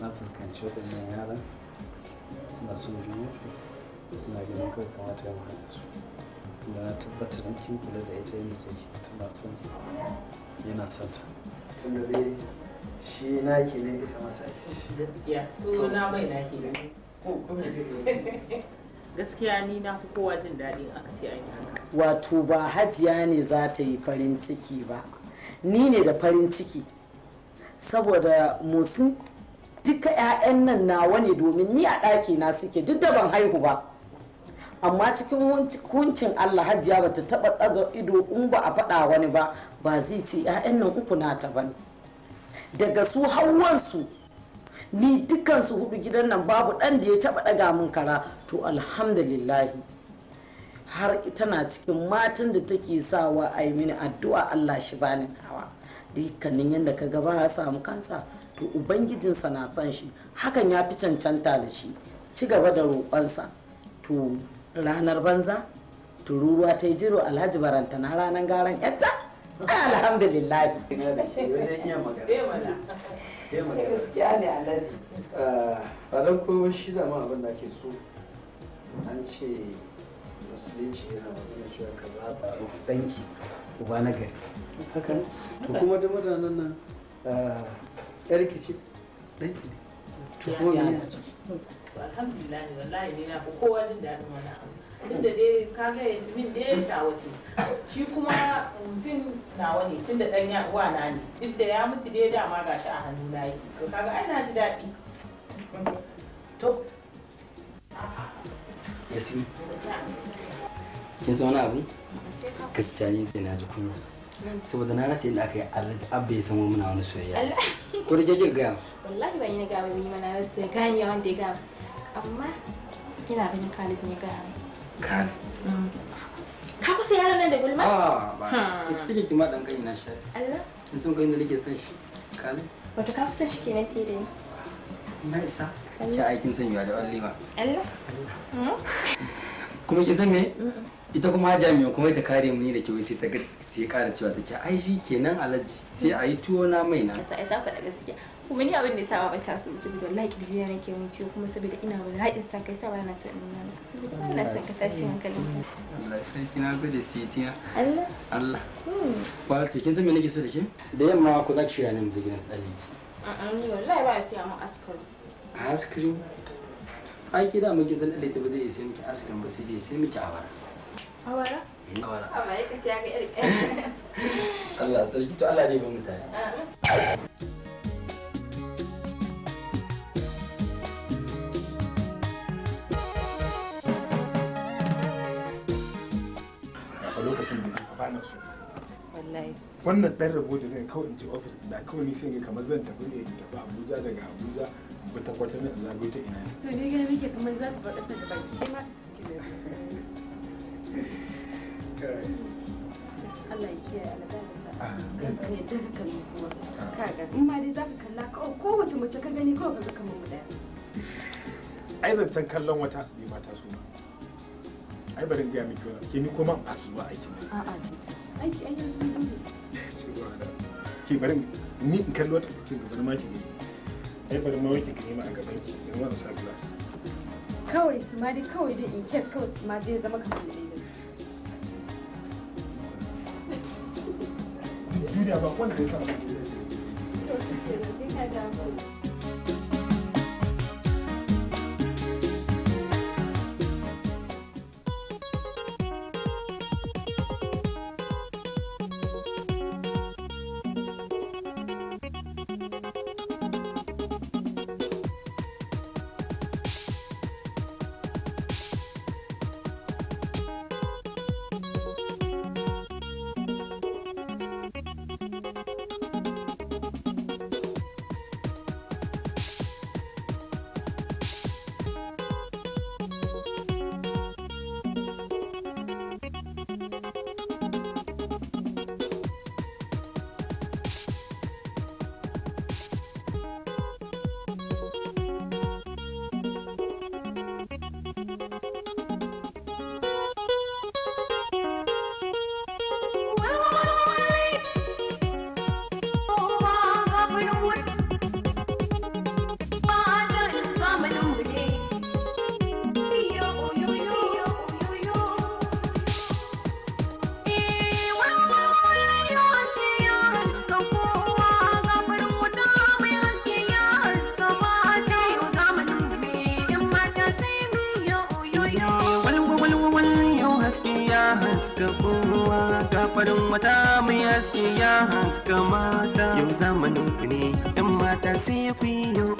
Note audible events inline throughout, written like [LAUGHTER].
na fuskanci waɗannan yaran suna son juna ina ganin kai kamata ya mahaɗa su da na tabbatar da kin kula da ita yadda take tana son su yana son ta tun da dai shi na ke ne ita masa ake gaskiya to na mai na ke ne gaskiya ni na fi kowa jin daɗin aka ce an yi wato ba hajiya ne za ta yi farin ciki ba ni ne da farin ciki saboda motsin duka 'ya'yan nan nawa ne domin ni a ɗaki na suke duk da ban haihu ba amma cikin hukuncin Allah hajjiya ba ta taɓa ɗaga ido in ba a faɗa wani ba ba zai ce 'ya'yan nan uku na ta ba daga su hawansu ni dukansu hudu gidan nan babu ɗan da ya taɓa ɗaga min kara to alhamdulillahi har tana cikin matan da take sawa a yi mini addu'a Allah shi bani hawa dukkanin yadda ka gaba samu kansa to ubangijinsa na son shi hakan ya fi cancanta da shi ci gaba da roƙonsa to ranar banza tururuwa ta yi jiro alhaji baranta na ranar garan yadda alhamdulillah ya ne alhaji ranar eh, koyo shi da ma abin da ke so an ce musulunci yana magana cewa ka zaɓa danki uba na gari hakan to kuma da mutanen nan eh, yarki ce danki ne tuko ne alhamdulillah wallahi ne na kowa jin daɗin wani abu tunda dai kaga yanzu min dai tawa wace shi kuma musin nawa ne tunda dan ya uwa na ne duk da ya mutu dai dama gashi a hannu na yi to kaga ai na ji daɗi to yasmin kin zo wani abu gaskiya ni zai na ji kunya saboda na nace inda kai yi abba ya samu muna wani soyayya ko da jajir gaya wallahi ban yi na gaba ni mana na sai rasa gani wanda ya ga amma kina bin Khalid ne ga Khalid mm. ka ku sai yaran nan da gulma a ah, ba ki cikin ki dan kai na shi Allah kin san kai da nake san shi Khalid wato ka kusa shi kenan tire ni na isa ki aikin san yawa da ba Allah hmm. kuma ki san me ita kuma jami'a kuma ita kare mu ne da ke wuce ta gari sai kara cewa take ai shi kenan alaji sai a yi tuwo na mai na ta ta faɗa gaskiya kuma ni abin da yasa ba ta so ki saboda wallahi kirjiya nake mun ciwo kuma saboda ina ba ban haɗin sa kai saboda na ta ina na na ta ka tashi hankalin Allah sai kina gode shi tiya Allah Allah ba hmm. ta kin san me nake so da ke da yamma ku zaki shirya ne mu je gidan tsaliji a'a ni wallahi ba sai mu askaru askaru ai kida mu gidan ta ba zai isa miki askarin ba sai dai sai miki awara awara [LAUGHS] Allah sarki to Allah ne ba mutane. A ah. lokacin da Wallahi. Wannan ɗan rubutu ne kawai in je ofis da kawai ni sai kamar zan tafi ne in tafi Abuja daga Abuja ba ta kwata ta ina ne. To ni ga nake kamar za faɗa ta da ma. Allah ai ban san kallon wata bai mata su ai barin gaya miki wani ke ni kuma ba su zuwa aiki ne a'a aiki ai yanzu ne ke ni in kallo wata ke ma ki ne ai barin ma wake a gaban ki wani sa glass kawai ma dai kawai dai in kawai ma dai zama kamar ne duniya ba wanda ya samu haska kowa ga farin wata mai haske ya haska mata yau zamanin ne mata sai ya yi yau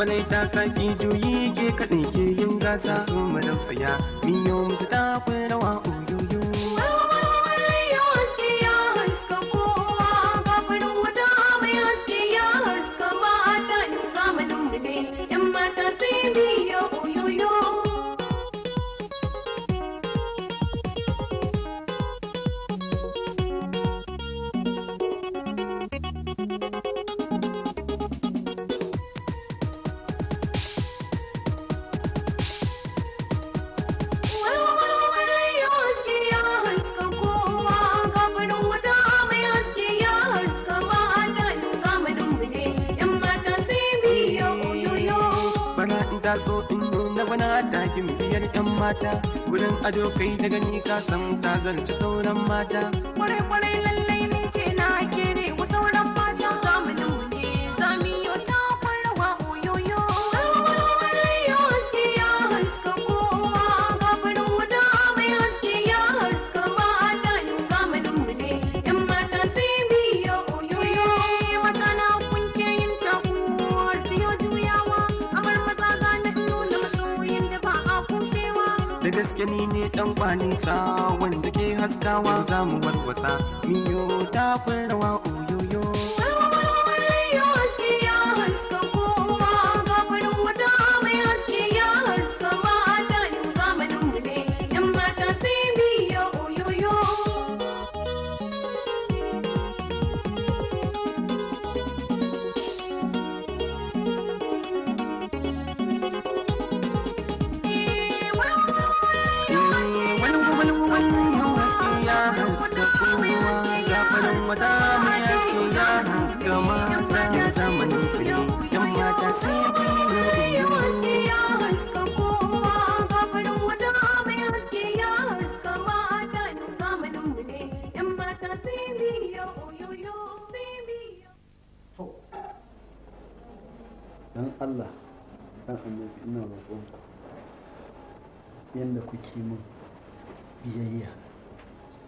kwarai ta kaki juyi ke kaɗai ke yin gasa su madausaya miyo musu kwai rawa mata gudan ado kai daga gani ka san ta zarci sauran mata kwarai kwarai dan sa, wanda ke haskawa za mu warwasa miyo ta rawa ina roƙonka yadda kuke min biyayya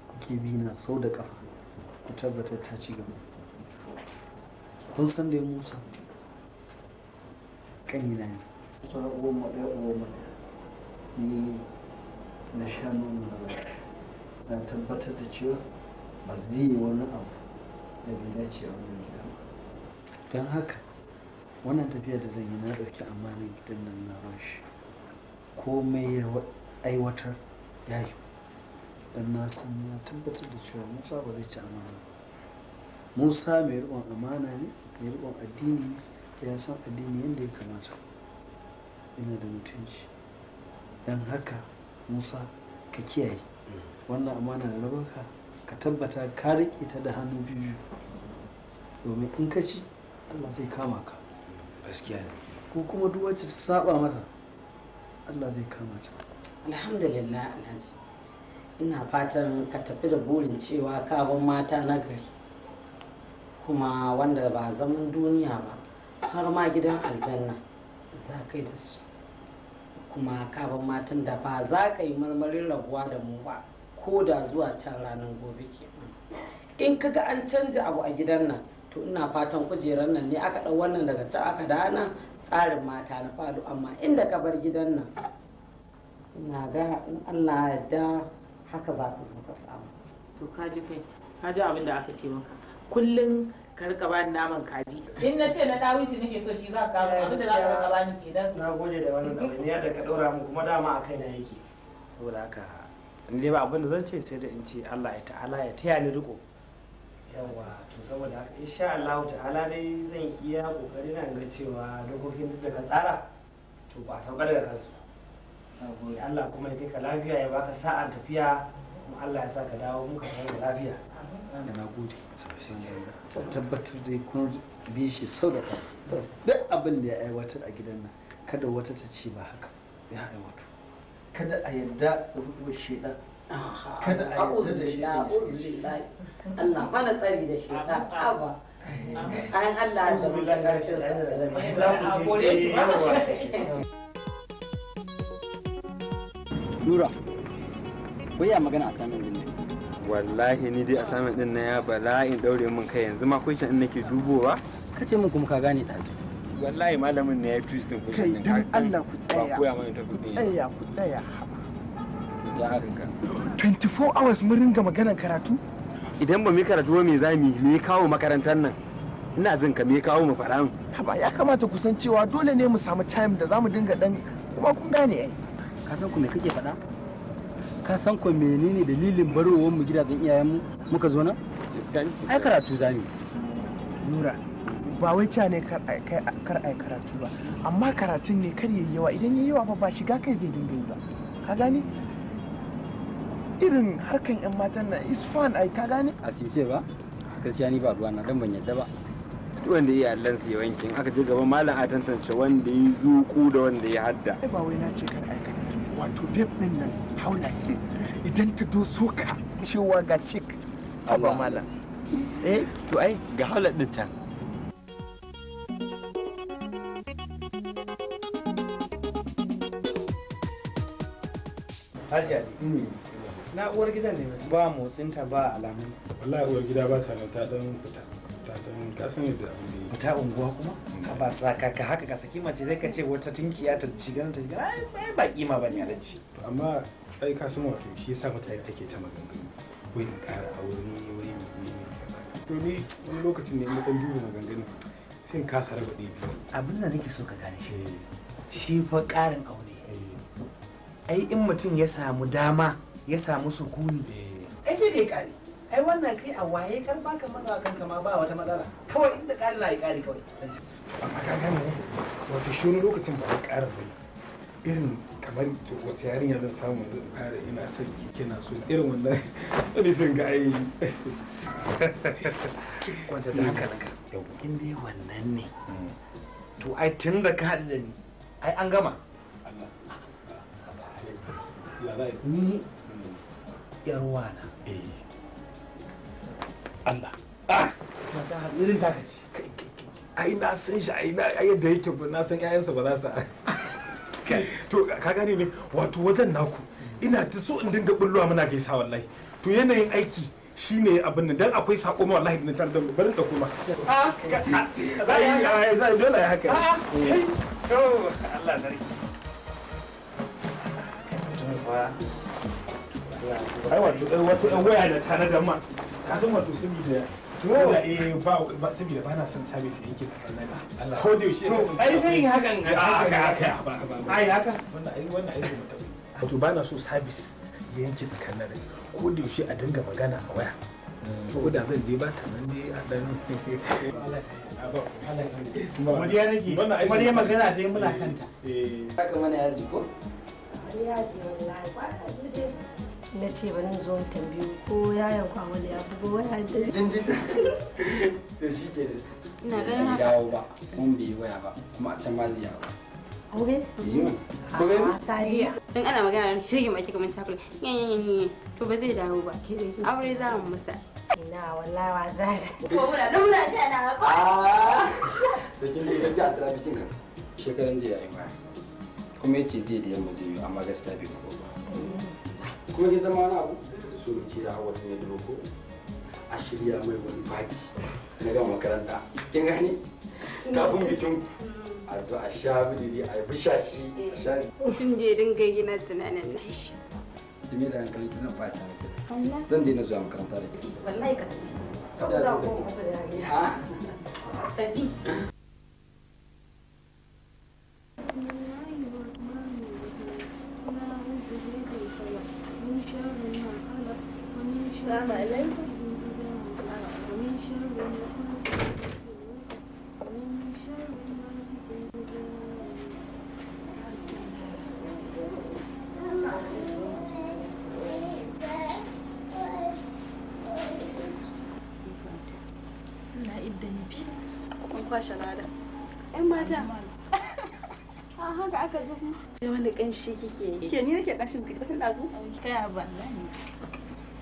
kuke bi na sau da ƙafa ku tabbatar ta ci gaba kun san da musa kan yi kusan ni na sha nuna na tabbatar da cewa ba zai yi wani abu da bai dace a wannan gida don haka wannan tafiya da zan yi na ɗauki amanin gidan nan na rashi komai ya aiwatar ya yi dan na san na tabbatar da cewa musa ba zai ci amana musa mai riƙon amana ne mai riƙon addini ne ya san addini yadda ya kamata yana da mutunci don haka musa ka kiyaye wannan amana da rabaka ka tabbata ka riƙe ta da hannu biyu domin in ka ci allah zai kama ka gaskiya ne ko kuma duk wacce ta saba masa Allah zai kama ta alhamdulillah alhaji ina fatan ka tafi da burin cewa kawon mata na gari kuma wanda ba zaman duniya ba har ma gidan aljanna za ka yi da su kuma kawon matan da ba za ka yi marmarin raguwa da mu ba ko da zuwa can ranar gobe ke in kaga an canja abu a gidan nan to ina fatan kujerar nan ne aka ɗau wannan daga can aka dana tsarin mata na falo amma inda ka bar gidan nan ina ga in Allah ya yarda haka za ka zo ka samu to ka ji kai ka ji abin da aka ce maka kullum ka rika bani naman kaji in na ce na dawisi nake so shi za ka kawo abin da za ka rika bani kenan na gode da wannan ya da ka ɗora mu kuma dama a kai na yake saboda haka in dai ba abin da zan ce sai da in ce Allah ya ta'ala ya taya ni riko yawa to saboda sha insha Allah ta'ala dai zan iya kokari na ga cewa dokokin da ka tsara to ba saukar da kansu eh, Allah kuma ya kai ka lafiya ya baka sa'a tafiya kuma Allah ya sa ka dawo muka kai lafiya da na gode ta tabbatar dai kun bi shi sau da kan duk abin da ya aiwatar a gidan nan kada wata ta ce ba haka ya aiwatu kada a yarda da hukumar shaidan kada a yarda da shi Allah mana tsari da shi ta aba an Allah da mun karshen Nura, ko ya magana a samun din Wallahi ni dai a samun din na ya bala'in daure min kai yanzu ma kun in nake dubowa. Ka ce min kuma ka gane ɗazu. Wallahi malamin ne ya yi twist din kuɗin. Kai dan Allah ku tsaya. Ba koya mana ta kuɗin. Tsaya ku tsaya. 24 hours mun ringa maganar karatu idan ba mai karatu me za mu me kawo makarantar nan ina jin ka me kawo mu fara haba ya kamata ku san cewa dole ne mu samu time da za mu dinga dan kuma kun gane ai ka san ku me kake faɗa ka san ku menene dalilin barowar mu gidajen iyayen mu muka zo nan ai karatu za mu nura ba wai ca ne kar ai karatu ba amma karatun ne kar yi yawa idan yi yawa ba shiga kai zai dinga yi ba ka gane irin harkan yan matan na is fun ai ka gane a sise ba gaskiya ni ba ruwa na dan ban yadda ba wanda ya Allah sai wankin aka je gaban malam a tantance wanda ya zuku da wanda ya hadda ba wai na ce kar aika wato babe din nan haula ce idan ta do ka cewa ga cik haba malam eh to ai ga haula din ta Hajiya, na uwar gidan ne ba motsin ta ba alamu wallahi uwar gida ba ta nan ta dan fita ta dan ka san yadda abin da ta unguwa kuma ka mm. ba tsaka ka haka ka saki mace zai ka ce wata tinkiya ta shiga ta shiga ai ba kima ba ne a ci amma ai ka san wato shi yasa mutane ake ta maganganu wai in ƙara aure wai ne ne to ni wani lokacin ne in dan duba maganganu sai in kasa raba ɗaya biyu abin da nake so ka gane shi eh. shi fa ƙarin aure eh. ai in mutum ya samu dama ya samu sukuni ai sai da kare ai wannan kai a waye kar baka maza kan kama ba wata matsala kawai inda kare na yi kare kawai amma ka gane wato shi wani lokacin ba a kare ba irin kamar wata yarinya zan samu zan kare ina son kina so irin wannan wani sun ga ayi kwanta ta haka naka yau inda yi wannan ne to ai tun da ka haɗu da ni ai an gama ni yar wana eh Allah ah mata irin taka ai na san shi ai na yadda yake na san 'ya'yansa ba za su [LAUGHS] to ka gane ne wato wajen naku ina ta so in dinga bullowa muna gaisa wallahi to yanayin aiki shine abin nan dan akwai sako ma wallahi na tarda barin da kuma ah, a za za yi dole ya haka ah, ah, eh. to Allah sarki ai wato ɗan waya da tare da ma ka san wato saboda Yola eh ba ba saboda ba na son sabis da yake tsakanin Allah ko da yaushe ai sai yin hakan haka haka ai haka wannan ai wannan ai mutum wato ba na so sabis ya yanke tsakanin ko da yaushe a dinga magana a waya ko da zan je ba ta nan ne a dan Mariya nake Mariya magana dai muna kanta eh haka mana yaji ko yaji wallahi ba ka na ce bari zo tambayo ko yayan ku amala ya bugo waya da jinjin to shi ke ina ganin haka dawo ba kuma bai waya ba kuma a can ma zai yawo aure ko gani sariya dan ana magana da shirye mai kamar yan yan. to ba zai dawo ba ke aure za mu musa. ina wallahi wa zara ko muna da muna shi ana ba. Ah! da kin da ji a tsara bikin ka shekaran jiya ai ba. kuma yace je da yamma zai yi amma gaskiya bai ko ba mm. kuma ya zama na abu su ce ya hawa tun yadda roko a shirya mai wani baki na gama makaranta kin gani kafin bikin a zo a sha bidiri a yi bishashi a sha ne mutum da ya dinga gina tunanin na nashi dimi da hankali tuna fata ne zan daina zuwa makaranta da ke wallahi ka tafi ka ko ka tafi السلام عليكم kwashe lada. ‘Yan mata. haka aka zo. wani ƙanshi kike yi. Ke ni nake ƙanshin kai ɗazu? nan.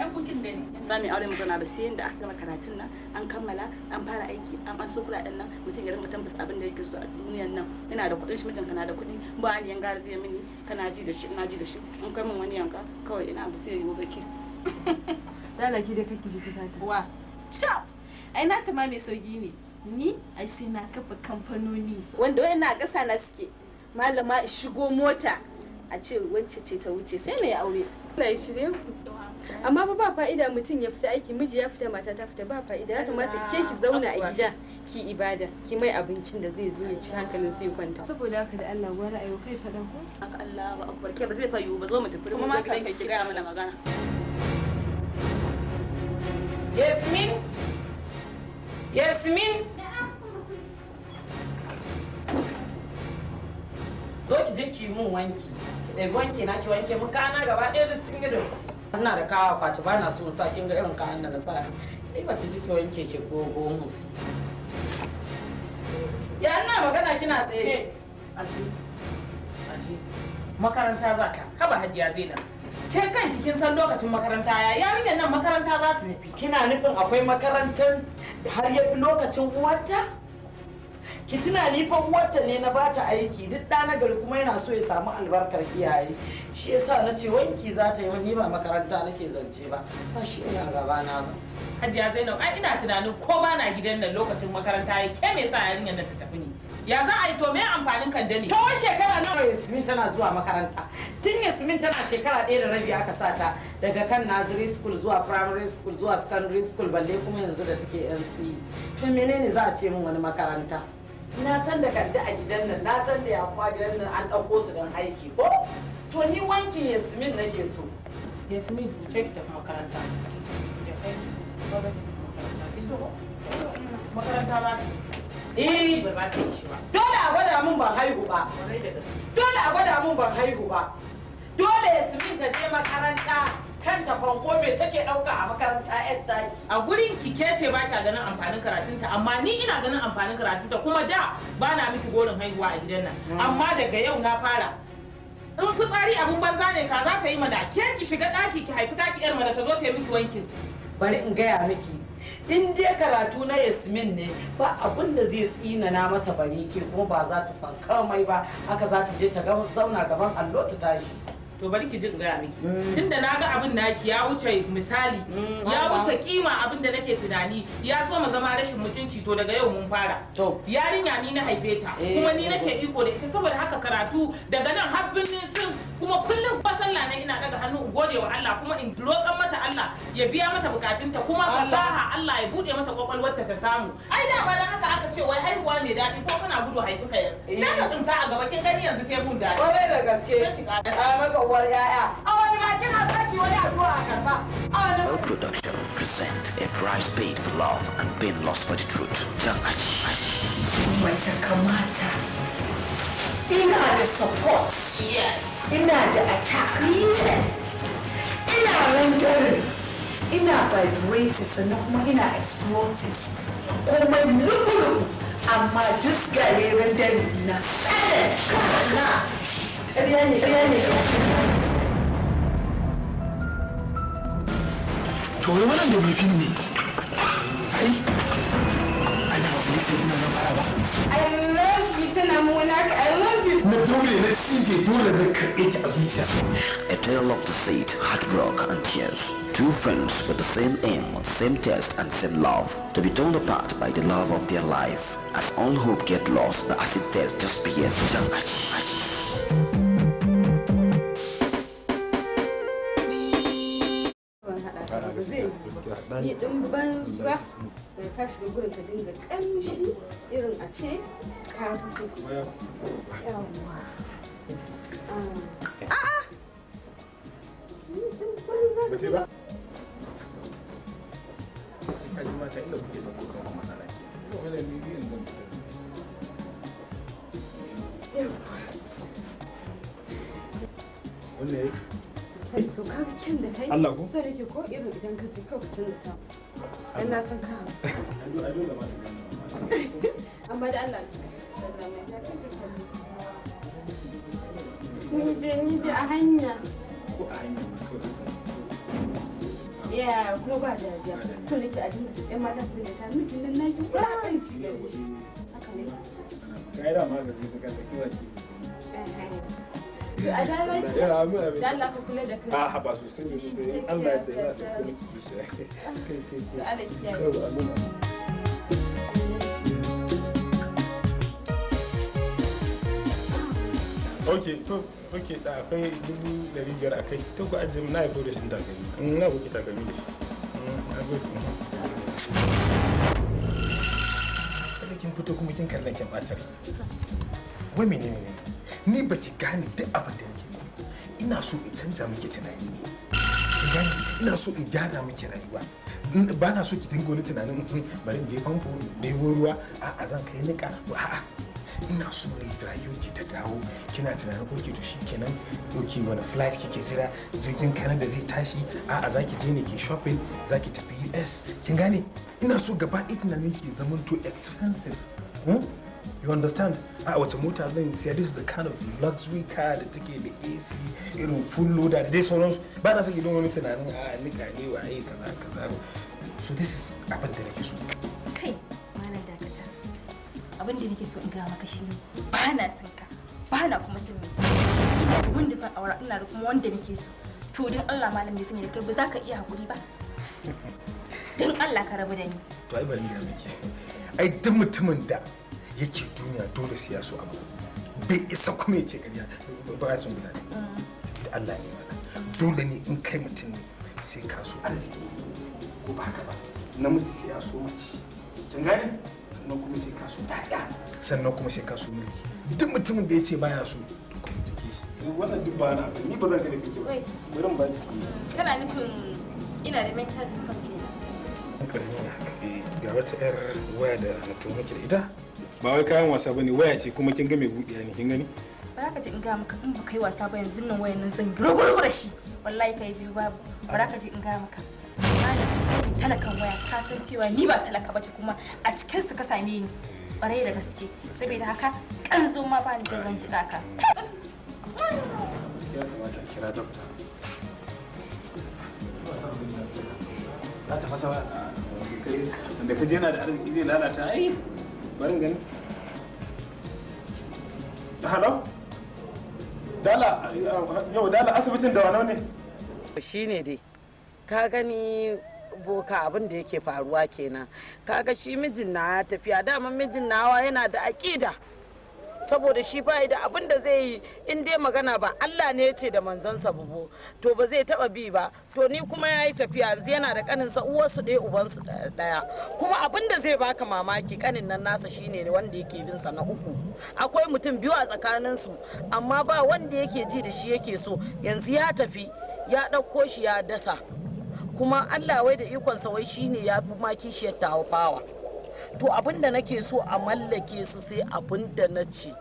ai kukin da ne za aure mu ba sai yanda aka gama karatun nan an kammala an fara aiki an an so kuɗaɗen nan mutum ya rinka tambasa abin da yake so a duniyan nan yana da kuɗin shi mijinka na da kuɗi ba ni yanga zai mini kana ji da shi ina ji da shi in kai min wani yanka kawai ina ba sai yiwu baki lalaki [LAUGHS] da kake ji fita ta wa cha ai na ta mai sauki ne ni ai sai na kafa kamfanoni wanda wayannan a ƙasa na suke malama shigo mota a ce wacce ce ta wuce sai na yi aure. Allah ya shirye ku. amma ba ba fa'ida mutum ya fita aiki miji ya fita mata ta fita ba fa'ida ya kamata ke ki zauna a gida ki ibada ki mai abincin da zai zo ya ci hankalin sai kwanta saboda haka da Allah wa ra'ayo kai fada ko haka Allah ba akbar ke ba zai fa yiwu ba zo mu tafi kuma ma kai ki ga mana magana Yasmin Yasmin zo ki je ki mun wanki ki ɗebi wanki na ki wanke mun kana gaba ɗaya da sun yi da ana da kawo kwaci ba na son sa kin ga irin kayan da na sa ni ba ta ciki wanke ki ko musu ya ina magana kina tsaye makaranta za ka haba hajiya zai da ke kan kin san lokacin makaranta ya yarinyar nan makaranta za ta nufi kina nufin akwai makarantar da har ya fi lokacin uwarta ki tuna ni fa uwarta ne na bata aiki duk da na gari kuma yana so ya samu albarkar iyaye shi yasa na ce wanki za ta yi wani ba makaranta nake zance ba ba shi ina gaba na ba Hajiya Zainab ai ina tunanin ko ba na gidan nan lokacin makaranta ya ke me sa yarinyar da ta tafi ne ya za a yi to me amfanin kande ne tawon shekara nawa Yasmin tana zuwa makaranta tun Yasmin tana shekara ɗaya da rabi aka sa ta daga kan nursery school zuwa primary school zuwa secondary school balle kuma yanzu da take NC to menene za a ce min wani makaranta na san da kanta a gidan nan na san da yafu gidan nan an ɗauko su don aiki ko to ni wankin yasmin nake so yasmin ce ta makaranta da kai makaranta ba Eh, ba ba ta yi shi ba. Dole a gwada mun ban haihu ba. Dole a gwada mun ban haihu ba. dole yasmin ta je makaranta kanta fanko me take ɗauka a makaranta yar a gurin ki ke ce ba ta ganin amfanin karatunta amma ni ina ganin amfanin karatunta kuma da ba na miki gorin haihuwa a gidan nan mm. amma daga yau na fara in fitsari abun banza ne ka za ta yi mana ke ki shiga ɗaki ki haifi daki yar mana ta zo ta yi miki wankin bari in gaya miki in dai karatu na yasmin ne ba abin da zai tsina na mata bare ke kuma ba za ta san ba haka za ta je ta zauna gaban allo ta tashi to bari ki jin gaya miki mm. tunda na ga abin naki ya wuce misali mm, ya wuce kima abin da nake tunani ya zo mu zama rashin mutunci to daga yau mun fara yarinya ni na haife ta eh. kuma ni nake iko da ita saboda haka karatu daga nan har birnin sun kuma kullum ba sallah ne ina daga hannu in gode wa Allah kuma in roƙan mata Allah ya biya mata bukatunta kuma fasaha Allah ya bude mata kwakwalwar ta ta samu ai da ba dan haka aka ce wai haihuwa ne dadi ko kana gudu haifuka yanzu na ka eh. tsinta a gaba kin gani yanzu sai mun kwarai da gaske a maka no production present a price paid for love and pain lost for the truth kamata ina support yes ina attack yes ina rendering ina vibrated sannan kuma ina explosive komai lulu amma duk gare rendering na tsanin kana ƙarya ne ƙarya a tale of deceit heartbreak and tears two friends with the same aim same test, and same love to be torn apart by the love of their life as all hope get lost the acid test just begins ni din banza da ka shiga gurin ka dinga kamshi irin a ce ka fito yawa Allah ko? Sai da ko irin idan ka je kawai ka canza ta. Dan na san ka. Amma da Allah. Ni je ni je a hanya. Ko a hanya. Ya ba To a dinga ɗan mata su ne ta nan da Allah ka kula da kai ok da akwai dubu dari biyar a kai to ku na haifo da shi takalmi mm, na kuke da mm, shi kada kin fito kuma kin kin batar wai menene ne ni ba ki gane duk abin da nake ina so in canza miki tunani gane ina so in gyara miki rayuwa ba na so ki dinga wani tunanin hmm, bari in je famfo ne ruwa a zan kai nika a'a ina so ne ki ta dawo kina tunanin ki to shi kenan ki wani flight kike jira jirgin kana da zai tashi a'a zaki je ne ki shopping zaki tafi US kin gane ina so gaba ɗaya tunanin ki zamanto expensive hmm? you understand a wace mota zan siya this is the kind of luxury car da take da AC irin full loader da dai sauransu ba na sake don wani tunanin a ah, nika ne wa ai kaza kaza so this is abin da nake so kai malam dakata abin da nake so in ga maka shi ba na son ka ba na kuma son mai ina da wanda aura ina da kuma wanda nake so to don Allah malam bai sanya da kai ba za ka iya hakuri ba [LAUGHS] don Allah ka rabu da ni to ai bari ga miki ai duk mutumin da yake duniya dole sai ya so abu bai isa kuma ya ce ƙarya ba ya son guda ne da Allah ne mana dole ne in kai mutum ne sai ka so arziki ko ba ka ba namiji sai ya so mace kin gani sannan kuma sai ka so ɗaya sannan kuma sai ka so mulki duk mutumin da ya ce baya so to kuma jiki shi eh, wannan duk ba na ni ba zan ga da kike ba bari ba ki kana nufin ina da mental health kenan eh, ga wata 'yar waya da mutum tuno da ita ba wai kayan wasa bane waya ce kuma kin ga mai budiya ne kin gani ba za ka ji in ga maka in ba kai wasa ba yanzu nan wayan nan zan gurguru da shi wallahi kai biyu babu ba za ka ji in ga maka talakan waya ka san cewa ni ba talaka bace kuma a cikin su ka same ni barai da gaske saboda haka kan zo ma ba ni da ran jika ka ya kamata kira dokta za ta fasa ka je na da arziki zai lalata ai bari gani hello dala yau dala asibitin da wano ne shi ne dai ka gani boka abin da yake faruwa kenan kaga shi mijin na tafiya daman mijin nawa yana da aƙida saboda shi ba da abin da zai yi in dai magana ba Allah ne ya ce da manzansa bubu to ba zai taba bi ba to ni kuma yayi tafiya yanzu yana da uwar su dai uban su daya kuma abin da zai baka mamaki kanin nan nasa shine wanda yake bin sa na uku akwai mutum biyu a tsakanin su amma ba wanda yake ji da shi yake so yanzu ya tafi ya dauko shi ya dasa kuma Allah wai da ikon sa wai shine ya fi ma kishiyar tawafawa. to abin da nake so a mallake su sai abin da na ci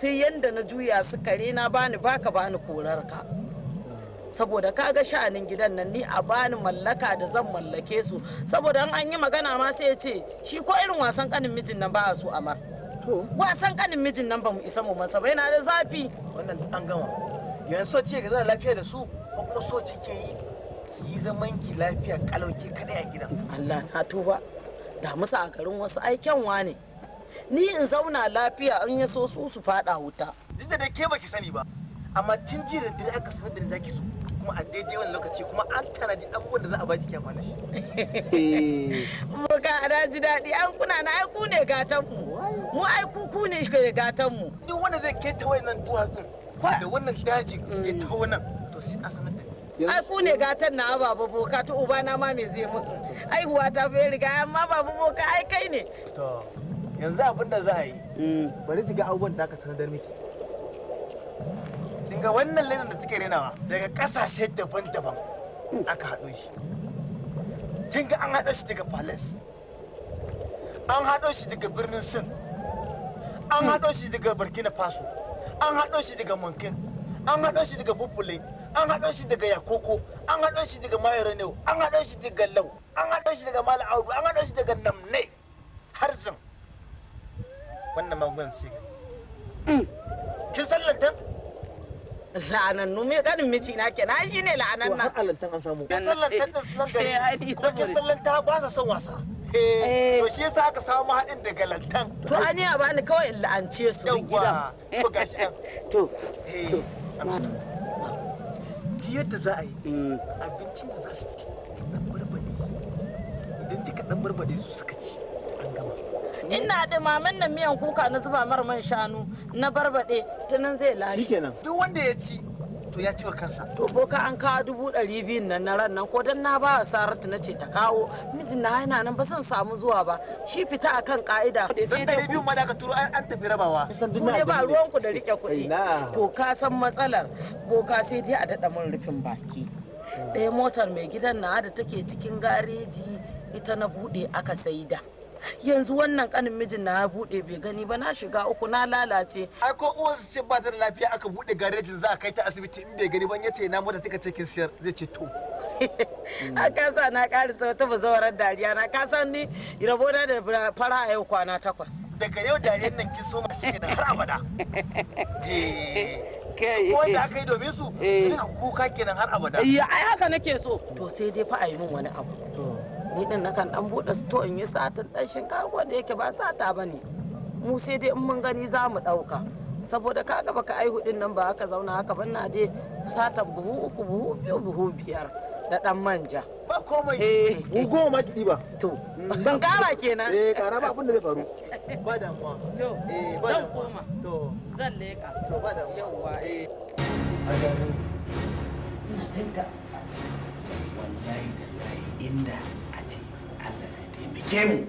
sai yadda na juya su kare na bani baka bani korar ka saboda kaga sha'anin gidan nan ni a bani mallaka da zan mallake su saboda an yi magana ma sai ya ce shi ko irin wasan kanin mijin nan ba a so amar wasan kanin mijin nan ba mu isa mu masa bai na da zafi wannan an gama yanzu so ce ga zan lafiya da su ko kuma so ke yi ki zaman ki lafiya kalauke kadai a gidan Allah na tuba da musu a garin wasu aikenwa ne ni in zauna lafiya in ya so su su fada wuta duk da ke baki sani ba amma tun ji da dare aka sanar da ni zaki so kuma a daidai wani lokaci kuma an tanadi abubuwan da za a ba ki kyafa na mu ka ana ji daɗi an kuna na aiku ne gatan mu mu aiku ku ne shi gatan mu duk wanda zai keta wayannan duwatsun da wannan dajin ya tafi wannan to sai a ai ku ne gatan na baba boka to uba na ma me zai mutu aihuwa ta fa riga amma baba boka ai kai ne to yanzu abin da za a yi mm. bari ki ga abubuwan da aka sanar miki kin ga wannan lenin da suke renawa daga kasashe daban-daban mm. aka haɗo shi kin ga an haɗo shi daga palace an haɗo shi daga birnin sin an mm. haɗo shi daga burkina faso an haɗo shi daga mankin an haɗo shi daga bubule an haɗa shi daga yakoko an haɗa shi daga mayaranau an haɗa shi daga lau an haɗa shi daga mala auru an haɗa shi daga namne har zan. wannan magungunan sai gani mm. kin san lantan nu me ganin miji na ke na shi ne la'anan nan har lantan an samu kin san lantan da sunan gari ko kin san lantan ba sa son wasa eh. to shi yasa aka samu haɗin daga lantan to an yi a bani kawai in la'ance su gidan to gashi to to yadda za a yi abincin da za su ci dan barbade idan duka dan barbade su suka ci an gama ina da maman nan miyan kuka na zuba mara man shanu na barbade tunan zai lafi duk wanda ya ci to ya wa kansa to boka an kawo dubu ɗari biyun nan na ran nan ko dan na ba saratu na ce ta kawo mijin na yana nan ba zan samu zuwa ba shi fita akan ka'ida dan ɗari biyun ma da ka turo an tafi rabawa ne ba ruwan ku da rike kuɗi to ka san matsalar boka sai dai a dada min rufin baki ɗaya motar mai gidan na da take cikin gareji ita na buɗe aka saida. yanzu wannan kanin mijin na bude bai gani ba na shiga uku na lalace ai ko uwar ce ba ta da lafiya aka bude garejin za a kai ta asibiti in bai gani ban yace na mota take cikin siyar zai ce to [LAUGHS] a kasa na karisa ta bazawarar dariya na kasa ni rabona da fara a yau kwana takwas daga yau dariyar nan kin so mace kenan har abada [LAUGHS] eh. ko da aka yi domin su ina eh. kuka kenan har abada ya eh, ai haka nake so to sai dai fa a yi min wani abu ni din nakan dan bude sto in yi satin dan shinkafa da yake ba sata bane mu sai dai in mun gani za mu dauka saboda kaga baka ai hudin nan ba haka zauna haka ban na dai satan buhu uku buhu biyu buhu biyar da dan manja ba komai eh goma ma kidi ba to mm. ban kara kenan eh kara ba abin da zai faru [LAUGHS] ba damuwa to eh ba zan koma to zan leka to ba da yawa eh, eh. ina tinta wallahi lai inda 节目。